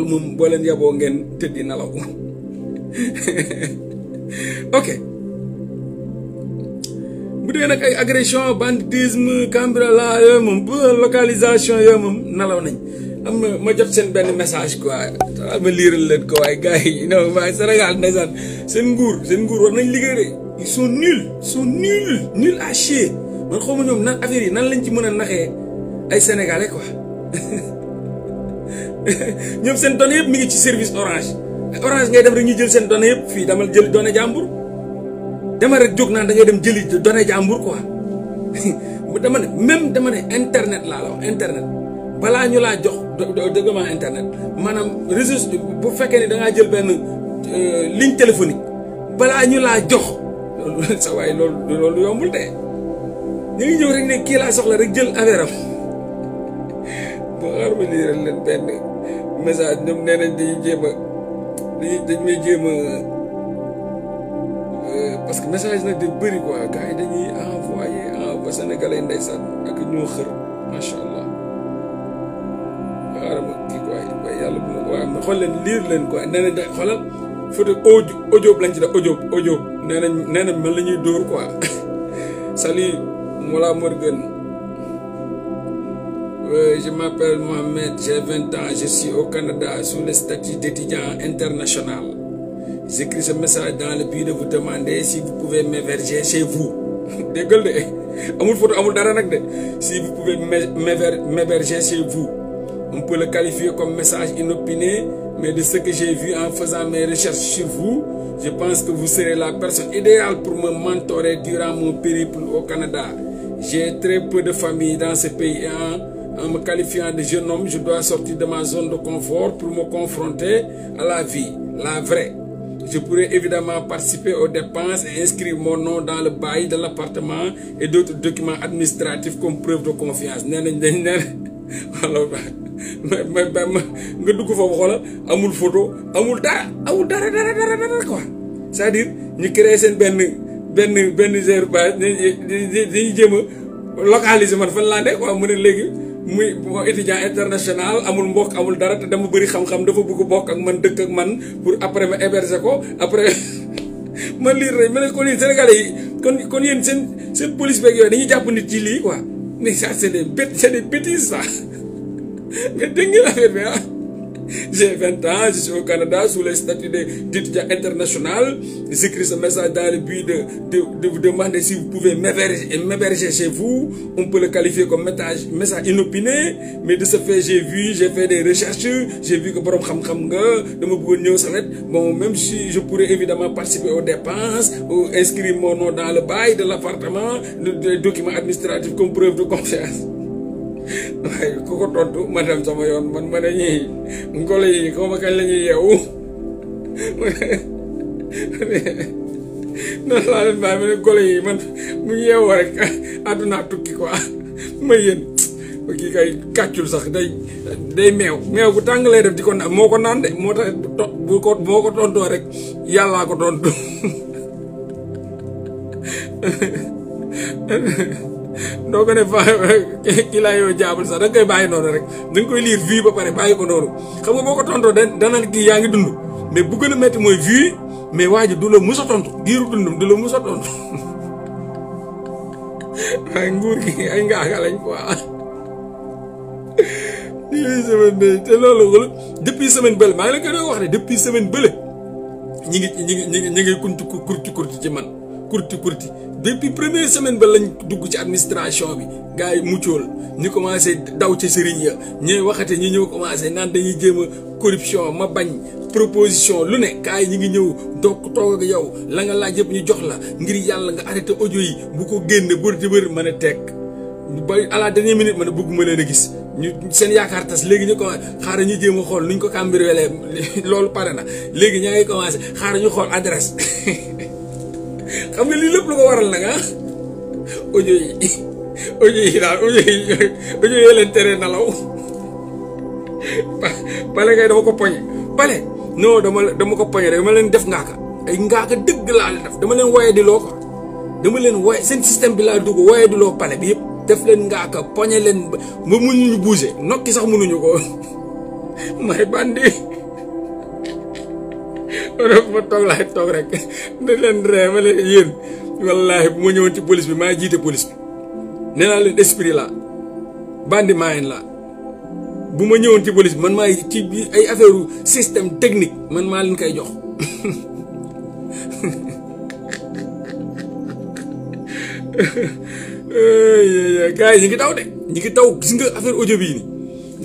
loolu moom boo leen yaboo ngeen tëddi nalaw ok bu dee nag ay agression banditisme cambriolage yooyu moom bu localisation yooyu moom nalaw nañ am na ma jot seen benn message quoi ah, ma liiral leen ko waaye gars yi non waaye Sénégal ndeysaan seen nguur seen nguur war nañ liggéey de ils sont nuls sont nuls nuls à chier man xaw ma ñoom nan affaire yi nan lañ ci mën a naxee ay sénégalais quoi ñoom seen données yëpp mi ngi ci service orange orange ngay dem rek ñu jël seen données yëpp fii dama jëli données jàmbur dama rek jóg naan da ngay dem jëli données jàmbur ko dama ne même dama ne internet laa la wax internet balaa ñu laa jox dëgguma internet maanaam réseau bu fekkee ne da jël benn euh, ligne téléphonique balaa ñu laa jox sa waaye loolu loolu yombul de ñu ngi ñëw rek ne kii laa soxla rek jël affaire am boo xaar ma leen benn message ñoom nee nañ dañuy jéem dañuy dañ may jéem a euh, parce que message nag di bëri quoi gars yi dañuy envoyé envoyé sénégalais ndeysaan ak ñoo xër macha allah xaaral ma kii quoi waaye yàlla bu ma waaye ma xool leen liir leen quoi nee nañ da xoolal photo audio audio lañ ci def audio audio nee nañ nee nañ man la ñuy dóor quoi salut Mollah Euh, je m'appelle Mohamed, j'ai 20 ans, je suis au Canada sous le statut d'étudiant international. J'écris ce message dans le but de vous demander si vous pouvez m'héberger chez vous. Dégol de, amul photo amul dara nag de. Si vous pouvez m'héberger chez vous. On peut le qualifier comme message inopiné, mais de ce que j'ai vu en faisant mes recherches sur vous, je pense que vous serez la personne idéale pour me mentorer durant mon périple au Canada. J'ai de famille dans en me qualifiant de jeune homme, je dois sortir de ma zone de confort pour me confronter à la vie, la vraie. Je pourrais évidemment participer aux dépenses et inscrire mon nom dans le bail de l'appartement et d'autres documents administratifs comme preuve de confiance nee nañ nga dugg foofu xoolal amul photo amul dara amul dara dara dara dara quoi cest dire ñu créer seen benn benn benn gère base dañuy jéem a localiser man fan laa a quoi léegi. muy étudiant international amul mbokk amul dara te dama bëri xam-xam dafa bëgg bokk ak man dëkk ak man pour après ma héberger ko après man lii rek ma ne ko lii Sénégalais yi kon kon yéen seen seen police beeg yooyu dañuy jàpp nit ci lii quoi mais ça c'est des bêt c'est des bêtises ça mais dégg ngeen affaire bi ah. J'ai 20 ans, je suis au Canada sous les statuts d'étudiant international. J'écris ce message dans le de, de, de vous demander si vous pouvez m'héberger chez vous. On peut le qualifier comme message, message inopiné, mais de ce fait, j'ai vu, j'ai fait des recherches, j'ai vu que borom xam xam nga dama bëggoon ñëw saret moom même si je pourrais évidemment participer aux dépenses ou inscrire mon nom dans de l'appartement, des documents administratifs comme preuve de confiance. waaye ku ko tontu ma dem sama yoon man ma ne golo yi man mu yeewoo rek àdduna tukki quoi ma yéen kii kay kàccul sax day day meew meew bu tàng lay def di ko naan moo ko naan de moo tax bu ko moo ko tontoo rek yàllaa ko tontu doo ko def kii laa yooyu jaabul sax da nga koy bàyyi noonu rek da koy liir vie ba pare bàyyi ko noonu xam nga boo ko tontoo da dana kii yaa ngi dund mais bu gën a métti mooy vie mais waa ji du la mus a tontu giiru dundum du la mus a tontu waaye nguur gi ay ngaaga lañ quoi te loolu wala depuis semaine bële maa ngi la koy doon wax ne depuis semaine bële ñi ngi ñi ngi ñi ngi ñi ngi kuntu kurti kurti ci man. kurti kurti depuis première semaine ba lañ dugg ci administration bi gars yi muccool ñu commencé daw ci sëriñ ya ñooy waxate ñu ñëw commencé naan dañuy jéem a corruption ma bañ proposition lu ne kaay ñi ngi ñëw donc toog ak yow la nga laaj yëpp ñu jox la ngir yàlla nga arrêté audio yi bu ko génne bër di bër mën a teg ba à la dernière minute ma ne bëgguma leen a gis ñu seen yaakaar tas léegi ñu ko xaaral ñu jéem xool xool nuñ ko cambriolé loolu pare na léegi ña ngay commencé xool adresse xam nga lii lépp lu ko waral nag ah audio yi audio yi daal audio yi audio yi leen tere nalaw pale ngay dama ko poñe pale non dama dama ko poñe dama leen def ngaaka ay ngaaka dëgg laa def dama leen waye di loo ko dama leen waye seen système bi laa dugg waye di loo pale bi yëpp def leen ngaaka poñe leen ba mënuñu bouger nokki sax mënuñu ko may bandi ma toog laay toog rek ne leen ree ma leen yéen wallaahi bu ma ñëwoon ci police bi maa jiite police bi nee naa leen esprit la bandi maayen la bu ma ñëwoon ci police bi man maa ci ay affaire système technique man maa leen koy jox gars yi ñu ngi taw de ñu ngi taw gis nga affaire audio bii nii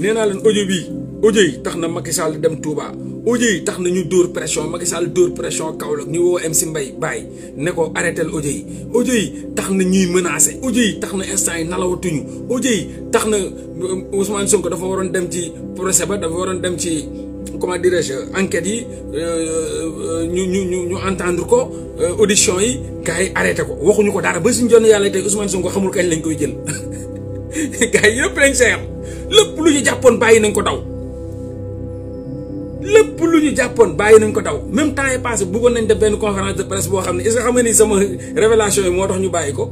nee naa leen audio bii audio yi tax na Macky Sall dem Touba. audio yi tax nañu dóor pression Macky Sall dóor pression Kaolack ñu woo si mbay Baye ne ko arrêtel ojo yi ojo yi tax na ñuy menacé ojo yi tax na instant yi nalawatuñu audio yi tax na euh, Ousmane Sonko dafa waroon dem ci procès ba dafa waroon dem ci comment dirais-je enquête yi ñu euh, euh, ñu ñu ñu entendre ko audition yi gars yi ko waxuñu ko dara ba suñ jonn yàlla tey Ousmane Sonko xamul kañ lañ koy jël gars yi yëpp lañ seeyam lépp lu ñu jàppoon bàyyi nañ ko daw lu ñu jàppoon bàyyi nañ ko daw même temps yi passé bëggoon nañ def benn conférence de presse boo xam ne est-ce que xam nga sama révélation yi moo tax ñu bàyyi ko.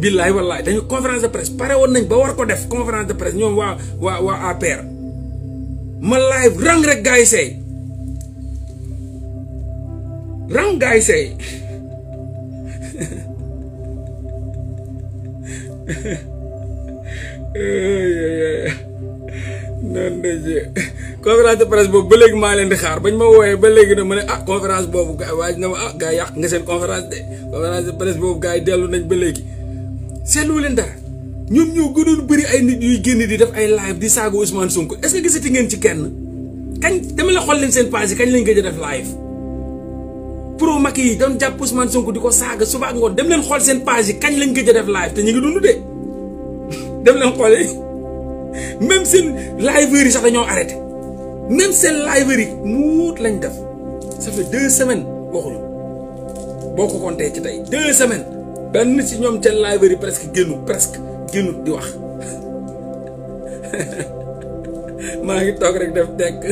billaay wallaay dañu conférence de presse pare woon nañ ba war ko def conférence de presse ñoom waa waa waa APR ma live rang rek gars yi seey rang gars yi seey conférence de presse boobu ba léegi maa leen di xaar bañ ma wooyee ba léegi nag ma ne ah conférence boobu gars yi waaj na ma ah gars yi yàq nga seen conférence de conférence de presse boobu gars yi dellu nañ ba léegi seetlu leen dara ñoom ñoo gënoon bëri ay nit yuy génn di def ay live di saago Ousmane Sonko est-ce que gisati ngeen ci kenn kañ dama la xool leen seen page yi kañ lañ gëj a def live pro Macky yi doon jàpp Ousmane Sonko di ko saaga suba ak ngoon dem leen xool seen page yi kañ lañ gëj a def live te ñu ngi dund de dem leen xoolee même seen liveurs yi sax dañoo arrêté même seen librairie muut lañ def ça fait deux semaines waxuñu boo ko compté ci tey deux semaines benn ci ñoom seen librairie presque génnu presque génnut di wax maa ngi toog rek def dekk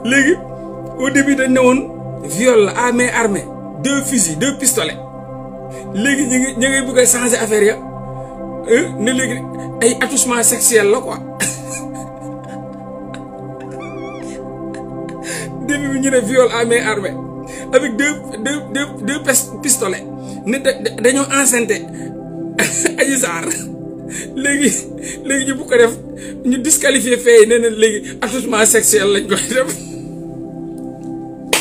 léegi au début dañ ne woon viol la à main armée deux fusils léegi ñu ngi ñu ngi bëgg a changer affaire ya ne léegi ay attouchement sexuel la quoi début bi ñu ne viol à main armée avec deux deux deux deux pistolets ne dañoo enceinte Adji Sarr léegi léegi ñu bu ko def ñu disqualifié fee nee na léegi attouchement sexuel lañ koy def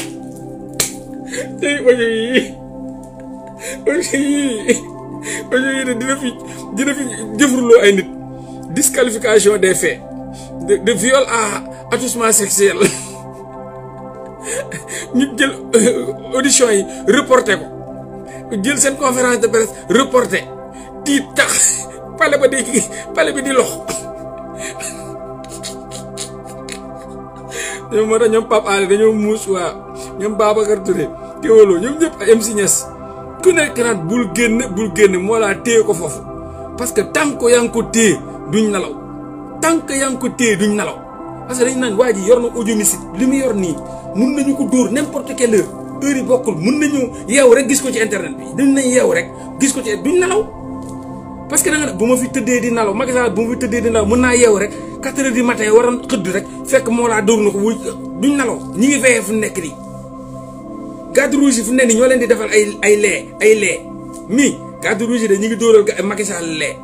tey yi audio yi audio yi dina fi dina fi jëfurloo ay nit disqualification des faits de de viol à attouchement sexuel ñu jël euh, audition yi reporté ko jël seen conférence de presse reporté di tax pale ba di pale bi di lox ñoom moo tax ñoom Pape Alé dañoo muus waa ñoom Babacar Touré Kéwalo ñoom ñëpp ay MC Niass ku nekk naan bul génne bul génn moo laa téye ko foofu parce que tant que yaa ngi ko téye duñ nalaw tant que yaa ngi ko téye duñ nalaw parce que dañ naan waa ji yor na audio mystique li mu yor nii mun nañu ko dóor n'importe quelle heure heure yi bokkul mun nañu yeew rek gis ko ci internet dañ nañ yeew rek gis ko ci duñ nalaw parce que da nga ne bu ma fi tëddee di nalaw Macky Sall bu ma fi tëddee di nalaw mën naa yeew rek quatre heures du matin waroon xëdd rek fekk moo laa door na ko wuy duñ nalaw ñi ngi veillé fu nekk nii cadre rouge yi fu ne nii ñoo leen di defal ay ay lee ay lee mi cadre rouge yi de ñu ngi dóoral ko Macky Sall lee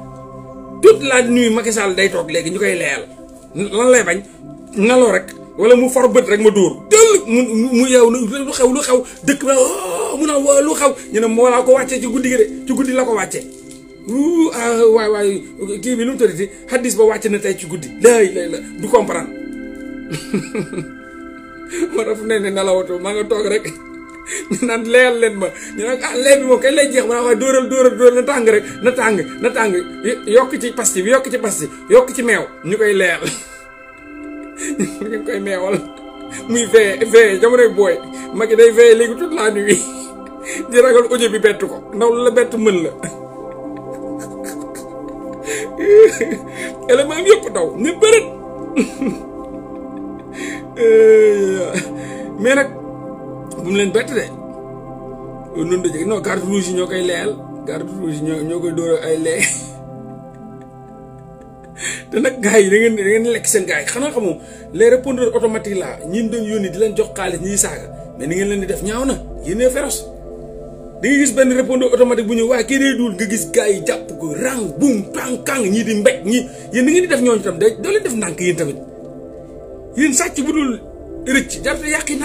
toute laa nuit Macky Sall day toog léegi ñu koy leeyal lan lay bañ naloo rek wala mu far bët rek ma dóor tëll mu mu yow lu xew lu xew dëkk ba oh, mu a waa lu xew ñu ne moo laa ko wàcce ci guddi gi de ci guddi la ko wàcce wuu ah, waay kii bi lu mu tëddati xaddis ba wàcc na tey ci guddi lay lay la du comprendre moo tax fu ne ne nelawatu maa nga toog rek ñu naan leeral leen ma ñu naan ah lee bi moom kañ lay jeex ma ah, waaye dóoral dóoral dóoral na tàng rek na tàng na tàng yokk ci pasti bi yokk ci pasti yokk ci meew ñu koy leeral ñu koy meewal muy veillé veillé jamonoy booy magi day veillé léegi toute la nuit di ragal audio bi bettu ko ndaw la bett mën la élément bi daw ne bërët mais nag bu mu leen bett de noonu da jëkk non garde rouge ñoo koy leyal garde rouge ñoo ñoo koy dóor ay lee te nag gars yi da ngeen da ngeen lekk seen gars yi xanaa xamoo les répondeurs automatiques là ñin doon yónni di leen jox xaalis ñiy saaga mais ni ngeen leen di def ñaaw na yéenee féroce da nga gis benn répondeur automatique bu ñëw waaye kii dee duul nga gis gars yi jàpp ko rang bum tàng kàng ñii di mbéj ñii yéen ni ngeen di def ñooñu tam da doo leen def ndànk yéen tamit yéen bu dul rëcc jarte yàqi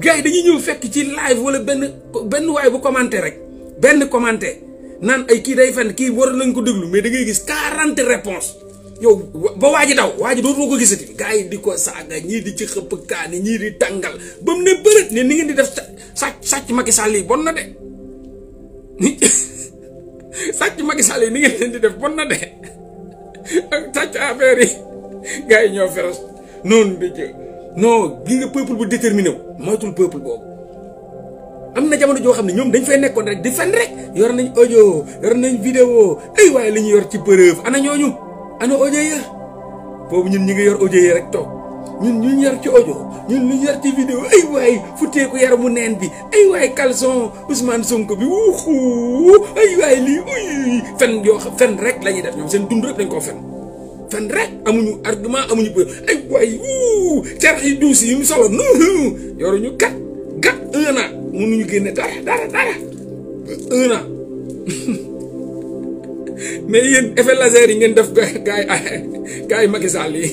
gars yi dañuy ñëw fekk ci live wala benn benn waay bu commenté rek benn commenté naan ay kii day fenn kii war nañ ko déglu mais da ngay gis quarante réponses yow ba waa ji daw waa ji dootoo ko gisati gars yi di ko saaga ñii di ci xëpp kaani ñii di tàngal ba mu ne bërët ne ni ngeen di def sàcc sàcc Macky Sall yi bon na de sàcc Macky Sall yi ni ngeen di def bon na de ak sàcc affaire yi gars yi ñoo feros noonu di jë non gi nga peuple bu déterminé wu moytul peuple boobu am na jamono joo xam ne ñoom dañ fay nekkoon rek di fen rek yor nañ audio yor nañ vidéo ay waaye li ñu yor ci preuve ana ñooñu ana audio ya boobu ñun ñi ngi rek toog ñun ñu ñu ci audio ñu yor ay waay futteeku yaramu neen bi ay waay caleçon Ousmane Sonko bi wuxu ay waay lii fen fen rek la ñuy def ñoom seen dund rek dañ koo fen fen rek amuñu argument amuñu bë ay waay wuu carax yi duus yi mu solo non ñu gat gat un an mënuñu génne dara dara dara un an mais yéen effet laser yi ngeen def gaay gaay Macky Sall yi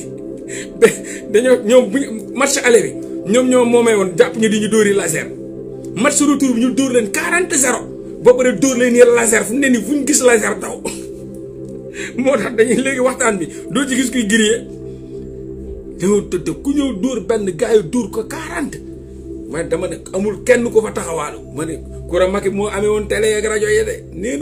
dañoo ñoom bu match aller bi ñoom ñoo moomee woon jàpp ñu di ñu dóori laser match retour bi ñu dóor leen quarante zéro ba pare dóor leen yéen laser fu mu ne nii fu ñu gis laser taw moo tax dañuy léegi waxtaan bi doo ci gis kuy grillé ñëw tëdd ku ñëw dóor benn gars yi dóor ko 40 man dama ne amul kenn ku fa taxawaalu ma ne Koura Macky moo amee woon télé rajo yi de nee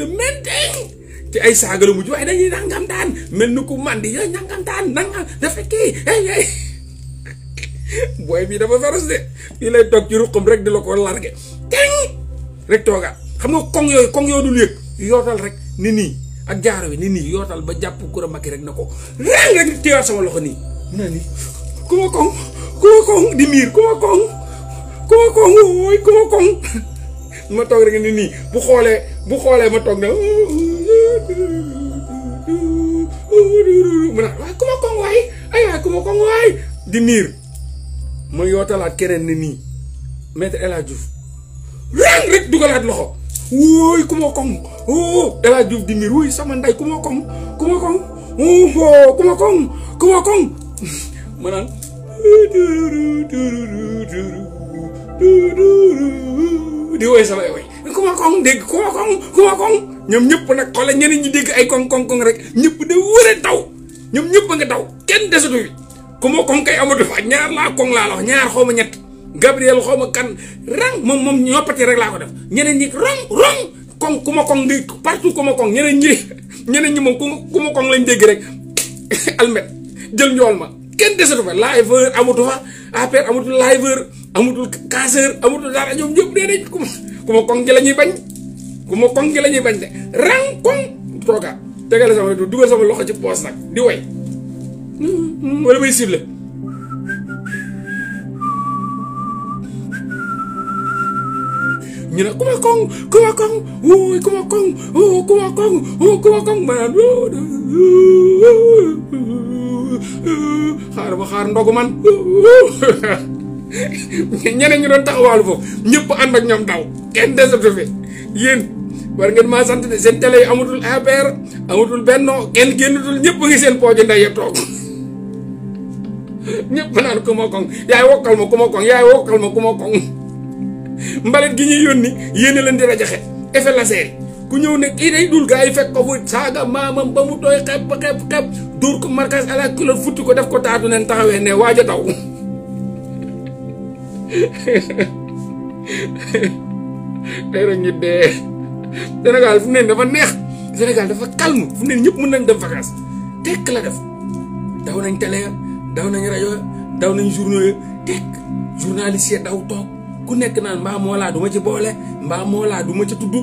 ci ay saaga la mujj waaye dañuy nangam daan mel ni ku mandi yooyu nangam daan nangam dafa kii booy bii dafa feros de fii lay toog ci ruqam rek di la ko largué teng rek toogaat xam nga koŋ yooyu koŋ yooyu dul yëg yootal rek ni nii. ak jaaro bi ni nii yootal ba jàpp Coura Macky rek na ko reng rek téewaat sama loxo nii mu ne nii ku ma koŋ ku koŋ di miir ku koŋ ma toog rek ni nii bu xoolee bu xoolee ma toog na mu ne waaye ku ma koŋ waay di miir ma yootalaat keneen ni nii maître El Hadj rek dugalaat loxo wóoy ku ma koŋ oh El di miir wuy sama nday ku koŋ ku ma koŋ oh ku ma koŋ ku ma koŋ ma naan di sama ku ma koŋ dégg ku ma koŋ ku ma ñoom ñëpp nag xoolal ñeneen ñi dégg ay koŋ koŋ koŋ rek ñëpp de wëre daw ñoom ñëpp a nga daw kenn desatu bi ku koŋ kay amatu fa ñaar laa koŋ laa la wax ñaar xaw ñett Gabriel xaw ma kan rang moom moom ñoppati rek laa ko def ñeneen ñi rong rong koŋ ku ma koŋ ngi partout ku ma koŋ ñeneen ñi ñeneen ñi moom lañ dégg rek almet jël ma kenn desatu fa liveur amatu fa affaire amatul liveur amatul casseur amatul dara ñoom ñëpp nee nañ ku la ñuy bañ ku ma koŋ gi la bañ de rang koŋ tooga tegale sama dugal sama loxo ci poos nag di way hmm, hmm, wala may cible ñu ne kuma koŋ kuma koŋ wóoy kuma koŋ wóo kuma koŋ wóo kuma koŋ ñu doon taxawaalu foofu ñëpp ànd ak ñoom daw kenn desertu fi yéen war ngeen maa sant ne seen télé yi amatul APR amatul benno kenn génnatul ñëpp ngi seen pooju nday yëpp toog ñëpp naan kuma koŋ yaay wokkal ma kuma koŋ yaay wokkal ma kuma koŋ mbalit gi ñuy yónni yéene a leen di rajaxe effet laser ku ñëw ne kii day dul gars yi fekk ko fu saaga maamam ba mu doy xepp xepp xepp dóor ko marquage à la futti ko def ko taatu neen taxawee ne waaj a daw tey rek ñu dee Sénégal fu mu dafa neex Sénégal dafa calme fu mu ne ñëpp mën nañ def vacances tekk la def daw nañ télé daw nañ rajo daw nañ journaux tekk journaliste daw toog ku nekk naan mbaa moolaa du ma ci boole mbaa moolaa du ma ca tudd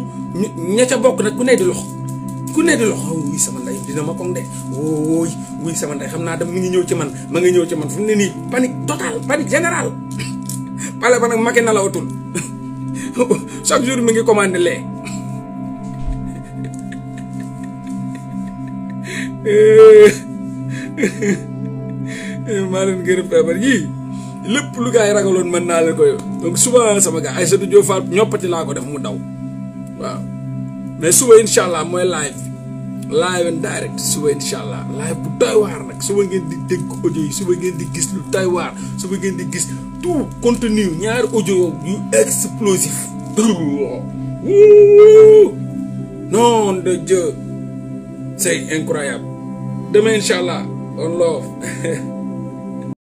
ña ca bokk nag ku nekk di loxo ku nekk di loxo wuy sama ndey dina ma koŋ de wooy wuy sama xam naa dem mi ngi ñëw ci man ma ngi ñëw ci man fu mu ne nii panique totale panique générale pale ba nag Macky nalawatul chaque jour mi ngi commandé lee eh, maa lépp lu gars yi ragaloon mën naa leen koy donc suba sama gars Aïssatou Diop Fall ñoppati laa ko def mu daw waaw mais suba incha allah mooy live live and direct suba incha allah live bu doy nag suba ngeen di dégg audio yi suba ngeen di gis lu doy suba ngeen di gis tout contenu ñaari audio yu explosif non de Dieu c'est incroyable demain incha allah on love